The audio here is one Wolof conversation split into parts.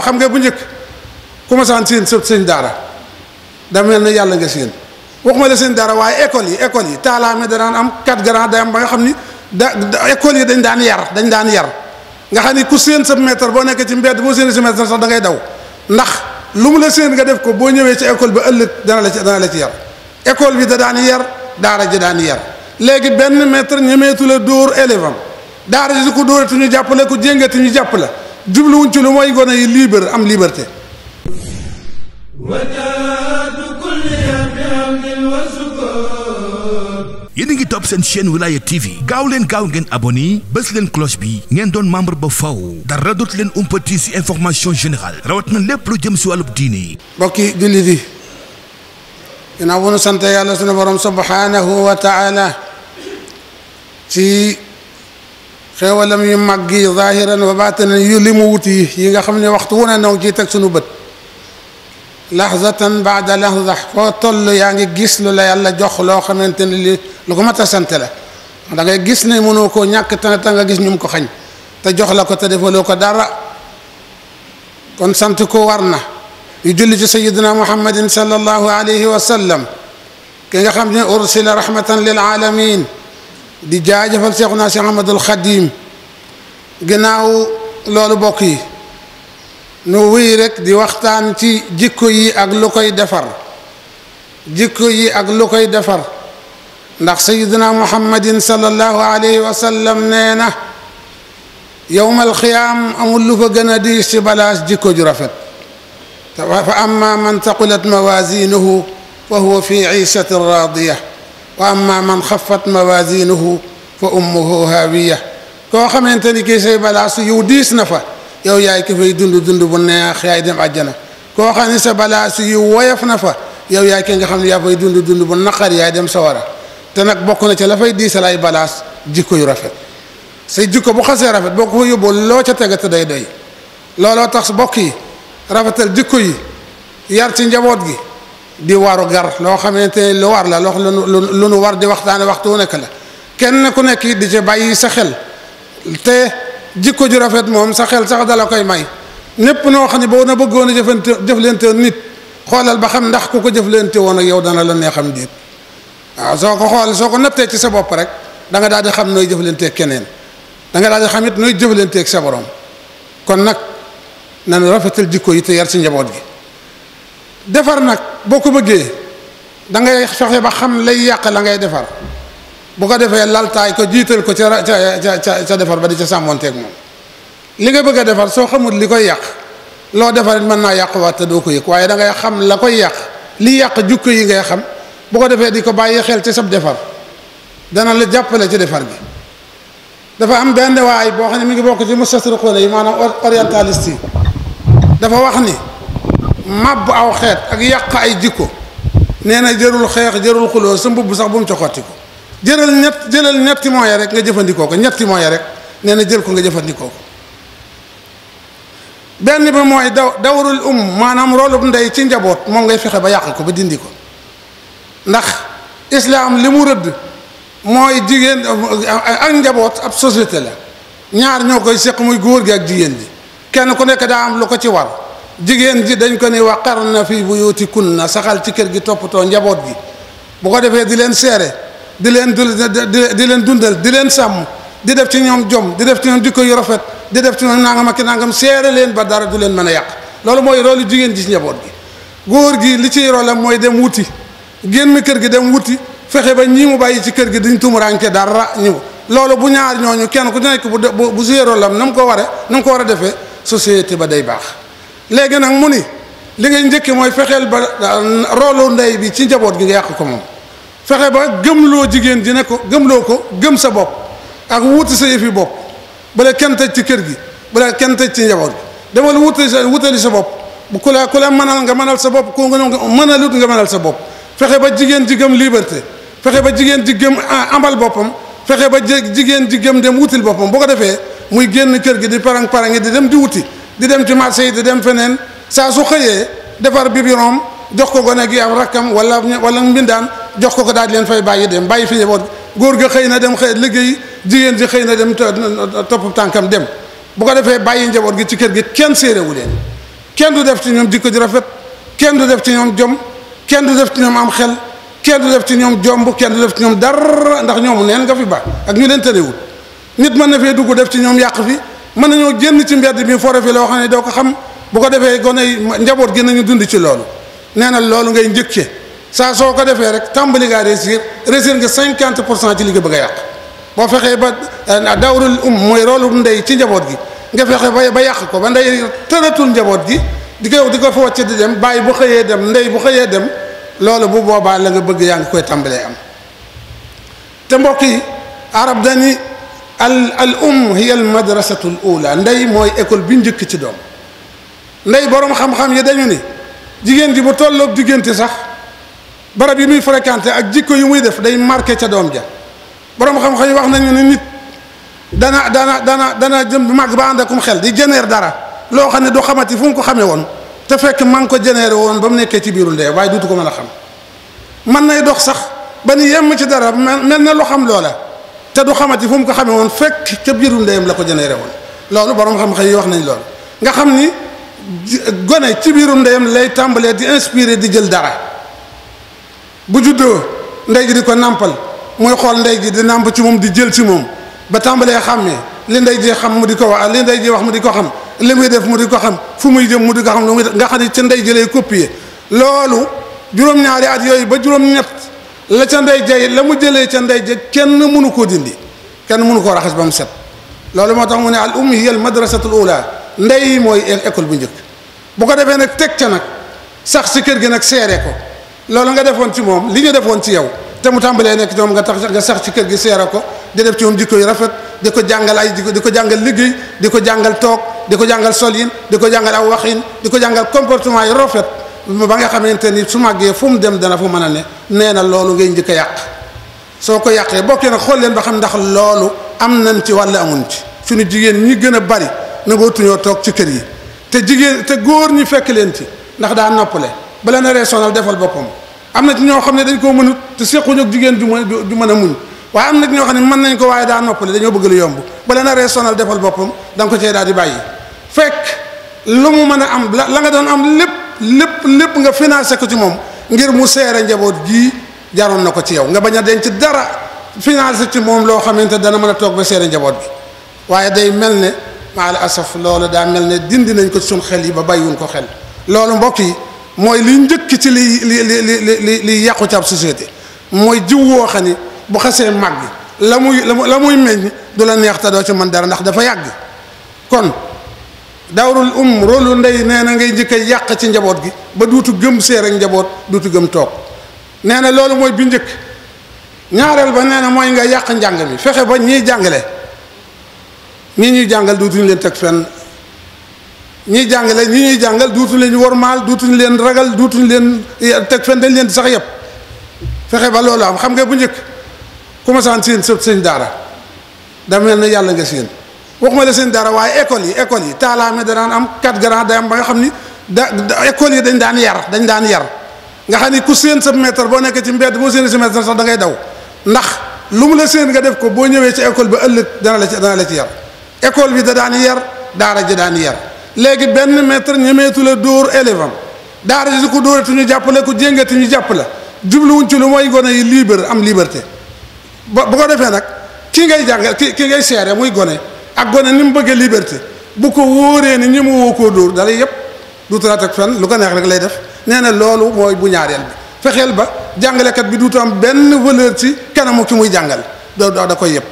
xam nga bu njëkk ku ma saan seen sëb sëñ daara da mel ne yàlla nga seen waxuma la seen daara waaye école yi école yi taalaame danaan am quatre grand day am ba nga xam ni da école yi dañ daan yar dañ daan yar nga xam ni ku seen sa mètre boo nekkee ci mbedd boo seen sa mètre sax da ngay daw ndax lu mu la nga def ko boo ñëwee ci école ba ëllëg dana la ci dana la ci bi da daan yar daara ji daan yar léegi benn mètre ñemeetu la dóor élève daara ji su ko dóoratu ñu jàpp la ku jéngati ñu jàpp la jubluwuñ ci lu mooy gone yi libre am liberté yéen a ngi topp seen chaîne wilaya tv gaaw leen gaaw ngeen abonné bés leen cloche bi ngeen doon membre ba faw dara dootu leen umpati si information générale rawat na lépp lu jëm si wàllu diini mbokki jullit yi ginnaaw bu nu sant yàlla sunu borom subhanahu wa taala ci xeewalam yu mag yi wa baatinan yu li mu wut yi nga xam ne waxtu wu ne noo ngi ciy teg sunu bët lahzatan baada lahza foo toll yaa ngi gis lu la yàlla jox loo xamante ne li lu ko mat a sant la da ngay gis ne mënoo koo ñàkk gis ñu ko xañ te jox la ko te defaloo ko dara kon sant ko war na yu julli ci sayidina muhammadin sallallahu alayhi wa ki nga xam ne ursila rahmatan lil di jaajëfal Seexuna Seex Ahmadul Xadiim ginnaaw loolu bokk yi nu wuy di waxtaan ci jikko yi ak lu defar jikko yi ak lu koy defar ndax sayidina muhammadin sallallahu alayhi wa sallam nee na yowmal xiyaam amul lu fa gën a diis ci jikko ju rafet fa amma man taqulat mawazinuhu fa huwa fi iishatin raadiya wa amma man xafat mawazinuhu fa ummuhu hawiya koo xamante ni kii say balaas yow diis na fa yow yaay ki fay dund dund bu neex yaay dem àjjana koo xam ne sa balaas yu woyof na fa yow yaay ki nga xam ne yaa fay dund dund bu naqar yaay dem sawara te nag bokk na ca la fay diisal ay balaas jikko yu rafet say jikko bu xasee rafet boo ko loo ca tege te day doy looloo tax bokk yi rafetal jikko yi yar ci njaboot gi di waru gar loo xamante ne lu war la loo xam lu nu war di waxtaane waxtu nekk la kenn ku nekk di ci bàyyi sa xel te jikko ju rafet moom sa xel sax dala koy may lépp noo xam ne boo na bëggoon a jëfante jëflante nit xoolal ba xam ndax ku jëflante woon yow dana la neexam déet waaw soo ko xool soo ko nattee ci sa bopp rek danga nga daal di xam nooy jëflanteeg keneen da nga daal di xam it nooy jëflanteeg sa borom kon nag nan rafetal jikko yi te yar ci njaboot gi defar nag boo ko bëggee da ngay fexe ba xam lay yàq la ngay defar bu ko defee laltaay ko jiital ko ca ca ca ca defar ba di ca sàmmonteeg moom li nga bëgg a defar soo xamul li koy yàq loo defar it mën naa yàquwaat te doo ko yëg waaye da ngay xam la koy yàq li yàq jukko yi ngay xam boo ko defee di ko bàyyi xel ci sab defar dana la jàppale ci defar bi dafa am benn waay boo xam ne mi ngi bokk ci mustasriqoona yi maanaam orientaliste yi dafa wax ni màbb aw xeet ak yàq ay jikko nee na jërul xeex jërul xuloo sa mbubb sax bu mu coxotti ko jëral ñett jëlal ñetti mooya rek nga jëfandikoo ko ñetti mooya rek nee na jël ko nga jëfandikoo ko benn bi mooy daw dawrul um maanaam bu ndey ci njaboot moom ngay fexe ba yàq ko ba dindi ko ndax islaam li mu rëdd mooy jigéen ak njaboot ab société la ñaar ñoo koy seq muy góor gi ak jigéen ji kenn ku nekk daa am lu ko ci war jigéen ji dañ ko ni waqarna fi na saxal ci kër gi toppatoo njaboot gi bu ko defee di leen seere di leen di leen dundal di leen sàmm di def ci ñoom jom di def ci ñoom jikko yu rafet di def ci ñoom nangam ak nangam seere leen ba dara du leen mën a yàq loolu mooy roolu jigéen ji ci njaboot gi góor gi li ciy roolam mooy dem wuti génn kër gi dem wuti fexe ba ñii mu bàyyi ci kër gi duñ tumuranke dara ñëw loolu bu ñaar ñooñu kenn ku nekk bu bu bu rôlam na mu ko waree na mu ko war a defee société ba baax léegi nag mu ni li ngay njëkkee mooy fexeel ba euh, roolu ndey bi ci njaboot gi nga yàq ko moom fexe ba gëmloo jigéen ji ne ko gëmloo ko gëm sa bopp ak wuti sa yëfi bopp ba bala kenn tëj ci kër gi bala kenn tëj ci njaboot gi demal wutali sa sa bopp bu ku la ku la mënal nga mënal sa bopp ku nga mënalut nga mënal sa bopp fexe ba jigéen ji gëm liberté fexe ba jigéen ji gëm euh, amal boppam fexe ba jigéen ji gëm dem wutil boppam boo ko defee muy génn kër gi di parang parang di dem di wuti di dem ci marché yi di dem feneen saa su xëyee defar biberon jox ko gone gi am rakkam wala wala mbindaan jox ko ko daal di leen fay bàyyi dem bàyyi fi njaboot góor gi xëy na dem xëy liggéey jigéen ji xëy na dem topp tànkam dem bu ko defee bàyyi njaboot gi ci kër gi kenn séeréwu leen kenn du def ci ñoom jikko ji rafet kenn du def ci ñoom jom kenn du def ci ñoom am xel kenn du def ci ñoom jomb kenn du def ci ñoom dara ndax ñoomu neen nga fi ba ak ñu leen tënewul nit mën na fee dugg def ci ñoom yàq fi mën nañoo génn ci mbedd mi fore fi loo xam ne doo ko xam bu ko defee gone yi njaboot gi nañu dund ci loolu nee na loolu ngay njëkke saa soo ko defee rek tàmbali ngaa réussir réussir nga cinquante pour cent ci li nga bëgg a yàq boo fexee ba eh, dawrul um mooy roolu ndey ci njaboot gi nga fexe ba ba yàq ko ba ndey tëratul njaboot gi di ko di ko focc di dem bàyyi bu xëyee dem ndey bu xëyee dem loolu bu boobaa la nga bëgg yaa ngi koy tàmbalee am te mbokk yi arab al al um hiya al madrasatu al ula ndey mooy école bi njëkk ci doom ndey borom xam-xam yi dañu ni jigéen ji bu tolloog diggante sax barab yi muy fréquenté ak jikko yu muy def day marqué ca doom ja boroom xam-xam yi wax nañu ne nit dana dana dana dana jëm bu màgg ba ànd akum xel di généer dara loo xam ne du xamati fu mu ko xamee woon te fekk maa ngi ko générer woon ba mu nekkee ci biiru ndey waaye duutu ko mën a xam mën nay dox sax ba ni yemm ci dara mel na lu xam loola. te du yi fu mu ko xamee woon fekk ca biiru ndeyam la ko généré woon loolu borom xam-xam yi wax nañ lool nga xam ni gone ci biiru ndeyam lay tàmbalee di inspiré di jël dara bu juddoo ndey ji di ko nàmpal muy xool ndey ji di nàmp ci moom di jël ci moom ba tàmbalee xàmmee li ndey ji xam mu di ko wax li ndey ji wax mu di ko xam li muy def mu di ko xam fu muy jëm mu di ko xam lu muy nga xam ni ci ndey ji lay copier loolu juróom-ñaari at yooyu ba juróom-ñett la ca ndey jay la mu jëlee ca ndey ja kenn mënu koo dindi kenn mënu koo raxas ba mu set loolu moo tax mu ne al ummi hiya al madrasatul ula ndey mooy école bu njëkk bu ko defee nag teg ca nag sax si kër gi nag seere ko loolu nga defoon ci moom li ñu defoon ci yow te mu tàmbalee nekk ñoom nga tax nga sax ci kër gi seere ko di def ci moom jikko yu rafet di ko jàngal ay di ko jàngal liggéey di ko jàngal toog di ko jàngal solin di ko jàngal aw waxin di ko jàngal comportement yu rafet ba nga xamante ni su màggee fu mu dem dana fu mën a ne nee na loolu ngay njëkk yàq soo ko yàqee bokk na xool leen ba xam ndax loolu am nañ ci walla amuñ ci suñu jigéen ñi gën a bari nangootuñoo toog ci kër yi te jigéen te góor ñi fekk leen ci ndax daa noppale bala na reesonal defal boppam am na ñoo xam ne dañ koo mënut te séquñu ak jigéen ju ju mën a muñ waaye am na ci ñoo ne mën nañ ko waaye daa noppale dañoo bëgg lu yomb bala na reesonal defal boppam da ko cee daal di bàyyi fekk lu mu mën a am la nga doon am lépp lépp lépp nga financé ko ci moom ngir mu seere njaboot gii jaroon na ko ci yow nga bañ a denc dara finance ci moom loo xam xamante dana mën a toog ba seere njaboot bi waaye day mel ne maal asaf loolu daa mel ne dindi nañ ko ci suñ xel yi ba bàyyiwuñ ko xel loolu mbokk yi mooy li njëkk ci li li li li li yàqu ci ab société mooy jiw woo xam ni bu xasee màgg la muy la muy meññ du la neex te doo ci mën dara ndax dafa yàgg kon dawrul um rolu ndey nee na ngay njëkk yàq ci njaboot gi ba duutu gëm séer ak njaboot duutu gëm toog nee na loolu mooy bu njëkk ñaareel ba nee na mooy nga yàq njàng mi fexe ba ñiy jàngale ñi ñuy jàngal duutuñu leen teg fenn ñiy jàngale ñi jàngal duutuñu leen wormaal duutuñu leen ragal duutuñu leen eh, teg fenn dañ leen di sax yëpp fexe ba loolu am xam nga bu njëkk ku ma saan seen sëñ daara da mel na yàlla nga seen waxuma la seen dara waaye école yi école yi taalaame danaan am quatre grand day am ba nga xam ni da école yi dañ daan yar dañ daan yar nga xam ni ku seen sa mètre boo nekk ci mbedd boo seen sa mètre sax da daw ndax lu mu la seen nga def ko boo ñëwee ci école ba ëllëg dana la ci dana la ci yar école bi da daan yar daara ji daan yar léegi benn maître ñemeetu la dóor élève am daara ji ko dóoratu ñu jàpp la ku jéngati ñu jàpp la jubluwuñ ci lu mooy gone yi libre am liberté ba bu ko defee nag ki ngay jàngal ki ngay seere muy gone ak gone ni mu bëggee liberté bu ko wóoree ni ñi mu woo koo dóor dalay yëpp du taraat ak fen lu ko neex rek lay def nee na loolu mooy bu ñaareel fexeel ba jàngalekat bi duutu am benn valeur ci kanamu ki muy jàngal da da koy yëpp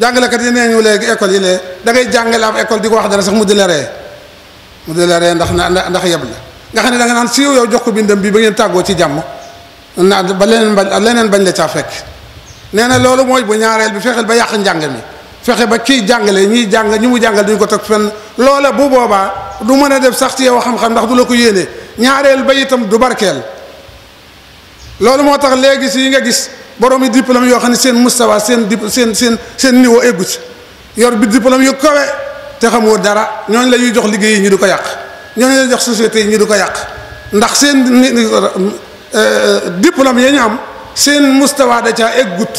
jàngalekat yi nee ñu léegi école yi lee da ngay jàngale école di ko wax dara sax mu di la ree mu di la ree ndax ndax yeb nga xam ne da nga naan si yow jox ko bindam bi ba ngeen tàggoo ci jàmm naa ba leneen bañ leneen bañ la caa fekk nee na loolu mooy bu ñaareel bi fexeel ba yàq njàng mi fexe ba kii jàngale ñiy jàng ñi mu jàngal duñ ko teg fenn loole bu boobaa du mën a def sax ci yow xam-xam ndax du la ko yéene ñaareel ba itam du barkeel loolu moo tax léegi si nga gis borom yi diplôme yoo xam ne seen mustawa seen dip seen seen seen niveau eggu ci yor bi diplôme yu kawe te xamoo dara ñooñu la ñuy jox liggéey yi ñu di ko yàq ñooñu la jox société yi ñu di ko yàq ndax seen euh, diplôme ya ñu am seen mustawa da caa eggut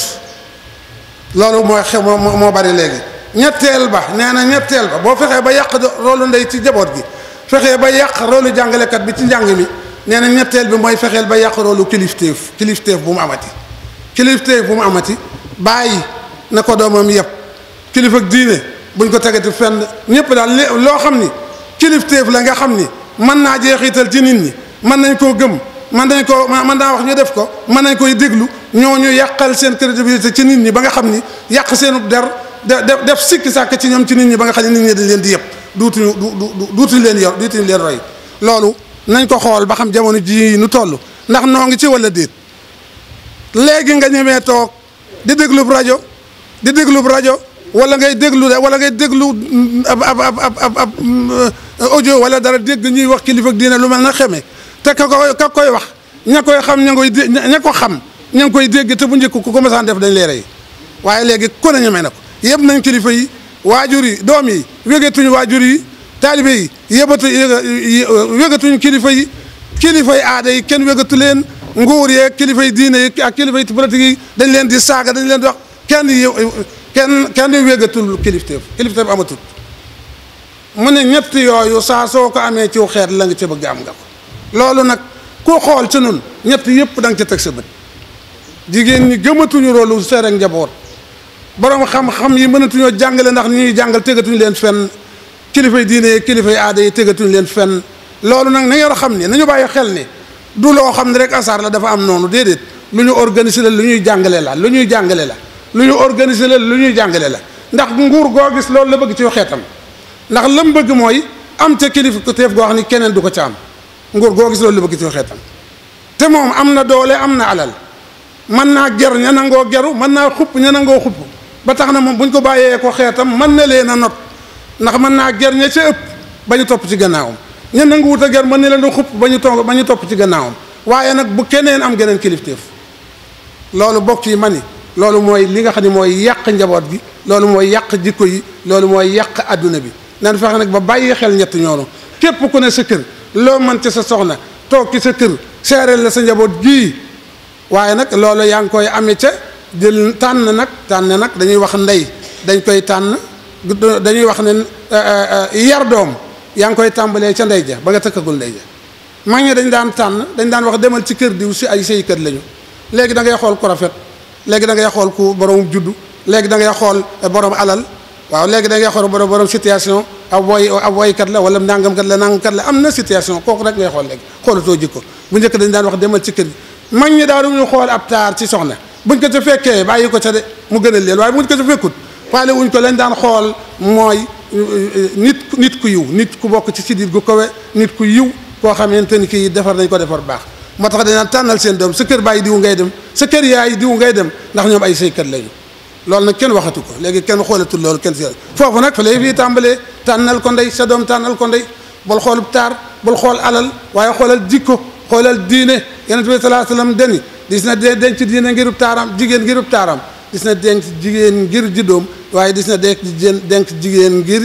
loolu mooy xew moo moo bari léegi ñetteel ba nee na ñetteel ba boo fexee ba yàq roolu ndey ci jaboot gi fexee ba yàq roolu jàngalekat bi ci njàng mi nee na ñetteel bi mooy fexeel ba yàq roolu kilifteef kilifteef bu mu amati kilifteef bu mu amati bàyyi na ko doomam yëpp kilif ak diine buñ ko tegati fenn ñëpp daal loo xam ni kilifteef la nga xam ni mën naa jeexital ci nit ñi mën nañ koo gëm mën nañ koo man naa wax ñu def ko mën nañ koy déglu ñoo ñu yàqal seen crédibilité ci nit ñi ba nga xam ni yàq seenub der def def sikki sàkk ci ñoom ci nit ñi ba nga xam ne nit ñi dañ leen di yëpp duutuñu duutuñu leen yor duutuñu leen roy loolu nañ ko xool ba xam jamono ji nu toll ndax noo ngi ci wala déet léegi nga ñemee toog di déglu rajo di déglu rajo wala ngay déglu wala ngay déglu ab ab euh, wala dara dégg ñuy wax kilifa diine lu mel na xeme te ka koy ka koy wax ña koy xam ña koy ña xam ña ngi koy dégg te bu njëkk ku ko mësaan def dañ lay rey waaye léegi ko ne ñemee na ko yëpp nañ kilifa yi waajur yi doom yi wégetuñu waajur yi taalibe yi yëbatu wégetuñu kilifa yi kilifa yi yi kenn wégatu leen nguur yeeg kilifa yi diine yi ak kilifa yi dañ leen di saaga dañ leen di wax kenn y kenn kenn wégatul kilifteef kilifteef amatul mu ne ñett yooyu saa soo ko amee ciw xeet la nga ca bëgg am nga ko loolu nag ku xool ci nun ñett yëpp da nga ca teg sa bët jigéen ñi gëmatuñu rolu seer njaboot borom xam-xam yi mënatuñoo jàngale ndax ñuy jàngal tegatuñu leen fenn kilifay diine yi kilifay aada yi tegatuñu leen fenn loolu nag na ngeen xam ni nañu bàyyi xel ni du loo xam ne rek asaar la dafa am noonu déedéet lu ñu organiser la lu ñuy jàngale la lu ñuy jàngale la lu ñu organiser la lu ñuy jàngale la ndax nguur goo gis loolu la bëgg ci xeetam ndax lam bëgg mooy am ca kilifa ko teef goo xam ni keneen du ko ca am nguur goo gis loolu la bëgg ci xeetam te moom am na doole am na alal mën naa ger ña nangoo geru mën naa xupp ña nangoo xupp ba tax na moom bu ko bàyyee ko xeetam man na leen a not ndax mën naa ger ña ca ëpp ba ñu topp ci gannaawam ña nanguwut a ger mën na leen a xupp ba ñu toog ba ñu topp ci gannaawam waaye nag bu keneen am geneen kilifteef loolu bokk yi man ni loolu mooy li nga xam ne mooy yàq njaboot gi loolu mooy yàq jikko yi loolu mooy yàq àdduna bi nan fexe nag ba bàyyi xel ñett ñoonu képp ko ne sa kër loo mën ci sa soxna toog ci sa kër seereel la sa njaboot gii waaye nag loolu yaa ngi koy amee ca jël tànn nag tànn nag dañuy wax ndey dañ koy tànn dañuy wax ne eh, eh, yar doom yaa ngi koy tàmbalee ca ndey ja ba nga tëkkagul ndey ja mag ñi dañ daan tànn dañ daan wax demal ci kër diw si ay sëy kër lañu léegi da ngay xool ku rafet léegi da ngay xool ku borom juddu léegi da ngay xool borom alal waaw léegi da ngay xool borom borom situation ab woy ab woykat la wala nangamkat la nangamkat la am na situation kooku rek ngay xool léegi xoolatoo jikko bu njëkk dañ daan wax demal ci kër gi mag ñi daa ñu xool ab taar ci soxna buñ ko ca fekkee bàyyi ko ca de mu gën a leen waaye buñ ko ca fekkut faale wuñ ko lañ daan xool mooy euh, nit nit ku yiw nit ku bokk ci sidit gu kowe nit ku yiw koo xamante ni kii defar nañ ko defar baax moo tax danaan tànnal seen doom sa kër bàyyi diw ngay dem sa kër yaay diw ngay dem ndax ñoom ay saykat lañu loolu nag kenn waxatu ko léegi kenn xoolatul loolu kenn si foofu nag fa lay fii tàmbalee tànnal ko ndey sa doom tànnal ko ndey bul xool taar bul xool alal waaye xoolal jikko xoolal diine yonent bi salaa sallam deni dis na denc diine ngirub taaram jigéen ngirub taaram dis na denc jigéen ngir juddoom waaye dis na denc denc jigéen ngir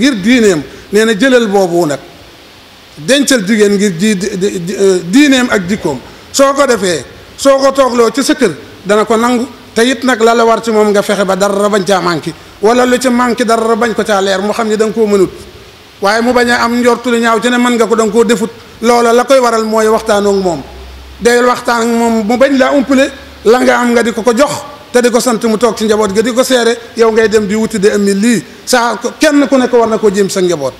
ngir diineem nee na jëlal boobu nag dencal jigéen ngir ji euh, diineem ak jikkoom soo ko defee soo ko toog loo ci sa kër dana ko nangu te it nag la la war ci moom nga fexe ba dara bañ caa manqué walla lu ci manqué dara bañ ko caa leer mu xam ne danga ko koo mënut waaye mu bañ a am njortu lu ñaaw ci ne mën nga ko da koo defut loola la koy waral mooy waxtaan moom day waxtaan moom mu bañ laa umpale la nga am nga di ko ko jox te di ko sant mu toog ci njaboot ga di ko seere yow ngay dem di wuti de ami lii saa kenn ku nekk war na koo jéem sa njaboot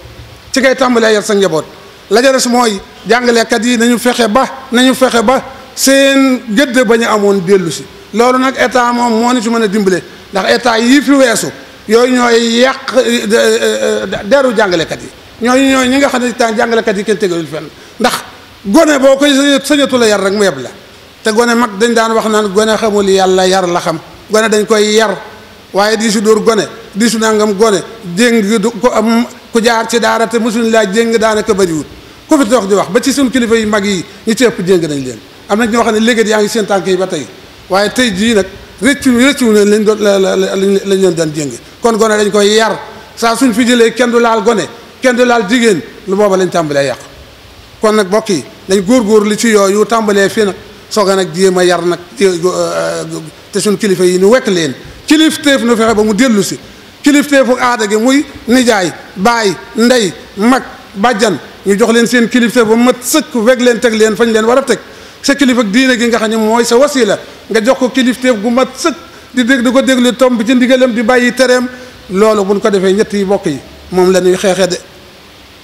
ci ngay tàmbalee yar sa njaboot la ca des mooy jàngalekat yi nañu fexe ba na ñu fexe ba seen gëdd ba ñu amoon dellu si loolu nag état moom moo ni fi mën a dimbale ndax état yii fi weesu yooyu ñooy yàq eh, eh, eh, deru jàngalekat yi ñooñu ñooñu ñi nga xam ne temps jàngalekat yi kenn tegalul fenn ndax gone boo koy sañatu la yar rek mu yeb la te gone mag dañ daan wax naan gone xamul yàlla yar la xam gone dañ koy yar waaye di su dóor gone di su nangam gone jéng du ko am ku jaar ci daara te mosuñ laa jéng daanaka bëriwut ku fi toog di wax ba ci suñ kilifa yu mag yi ñu ci nañ leen am na ñoo xam ne léegi yaa ngi seen tànk ba tey waaye tey jii nag rëccu rëccu leen lañ doon lañ leen daan jéng kon gone dañ koy yar saa suñ fi jëlee kenn du laal gone kenn du laal jigéen lu booba lañ tàmbalee yàq kon nag mbokk yi nañ li ci yooyu tàmbalee fii nag soog a nag jéem a yar nag euh, te suñ kilifa yi ñu wekk leen kilifteef nu fexe ba mu dellu si kilifteefu aada gi muy nijaay baay ndey mag bàjjan ñu jox leen seen kilifteef ba mat sëkk weg leen teg leen fañ leen war a teg sa kilifa diine gi nga xam ne mooy sa wasila nga jox ko kilifteef gu mat sëkk di dég di ko déglu tomb ci ndigalam di bàyyi tereem loolu buñ ko defee ñett yi yi moom la ñuy xeexe de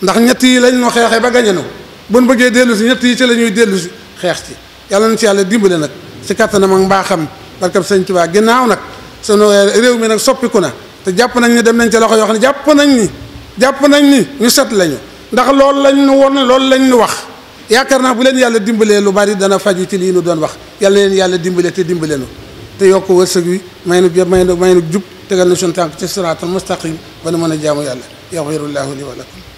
ndax ñett yi lañ no xeexe ba gañe na ko bu ñu bëggee dellu si ñett yi ci la ñuy dellu si xeex ci yàlla na ci yàlla dimbale nag si kattanam ak mbaaxam barkab sëñ Tuubaa ginnaaw nag sunu réew mi nag soppiku na te jàpp nañ ni dem nañ ci loxo yoo xam ne jàpp nañ ni jàpp nañ ni ñu set lañu ndax loolu lañ nu woon loolu lañ nu wax yaakaar naa bu leen yàlla dimbalee lu bari dana faju ci lii nu doon wax yàlla leen yàlla dimbale te dimbale nu te yokk wërsëg wi may nu may nu may nu jub tegal na suñu tànk ci mën a jaamu yàlla yaxfirullaahu li wa lakum